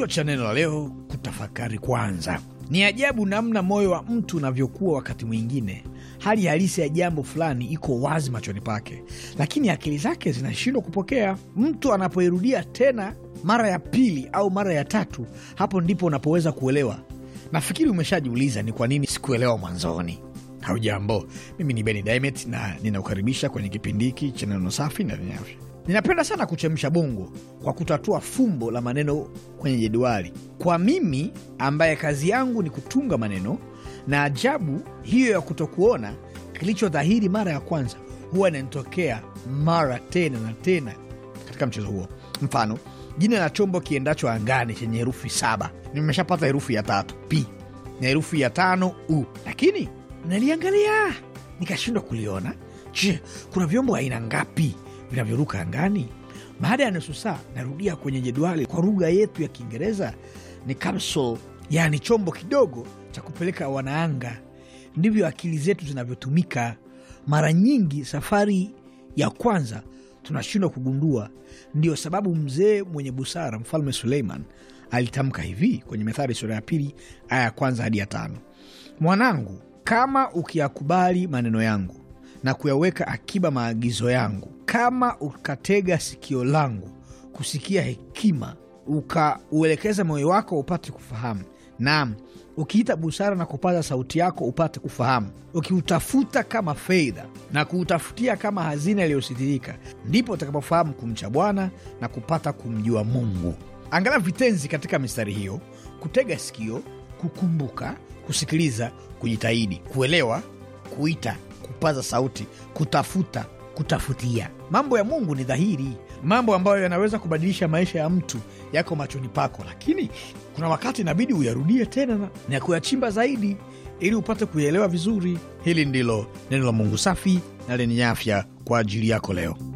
Kichwa cha neno la leo: kutafakari kwanza. Ni ajabu namna moyo wa mtu unavyokuwa. Wakati mwingine hali halisi ya jambo fulani iko wazi machoni pake, lakini akili zake zinashindwa kupokea. Mtu anapoirudia tena mara ya pili au mara ya tatu, hapo ndipo unapoweza kuelewa. Nafikiri umeshajiuliza ni kwa nini sikuelewa mwanzoni. Haujambo, mimi ni Beni Dimet na ninakukaribisha kwenye kipindi hiki cha neno safi na lenye Ninapenda sana kuchemsha bongo kwa kutatua fumbo la maneno kwenye jedwali. Kwa mimi ambaye kazi yangu ni kutunga maneno, na ajabu hiyo ya kutokuona kilicho dhahiri mara ya kwanza huwa inanitokea mara tena na tena katika mchezo huo. Mfano, jina la chombo kiendacho angani chenye herufi saba, nimeshapata herufu ya tatu P na herufu ya tano U, lakini naliangalia nikashindwa kuliona. Je, kuna vyombo aina ngapi? vinavyoruka angani. Baada ya nusu saa, narudia kwenye jedwali kwa lugha yetu ya Kiingereza ni capsule, yaani chombo kidogo cha kupeleka wanaanga. Ndivyo akili zetu zinavyotumika. Mara nyingi safari ya kwanza tunashindwa kugundua. Ndiyo sababu mzee mwenye busara Mfalme Suleiman alitamka hivi kwenye Methali sura ya pili aya ya kwanza hadi ya tano: mwanangu, kama ukiyakubali maneno yangu na kuyaweka akiba maagizo yangu, kama ukatega sikio langu kusikia hekima, ukauelekeza moyo wako upate kufahamu, naam ukiita busara na kupaza sauti yako upate kufahamu, ukiutafuta kama fedha na kuutafutia kama hazina iliyositirika, ndipo utakapofahamu kumcha Bwana na kupata kumjua Mungu. Angalia vitenzi katika mistari hiyo: kutega sikio, kukumbuka, kusikiliza, kujitahidi, kuelewa, kuita kupaza sauti, kutafuta, kutafutia. Mambo ya Mungu ni dhahiri, mambo ambayo yanaweza kubadilisha maisha ya mtu yako machoni pako, lakini kuna wakati inabidi uyarudie tena na kuyachimba zaidi ili upate kuyaelewa vizuri. Hili ndilo neno la Mungu safi na lenye afya kwa ajili yako leo.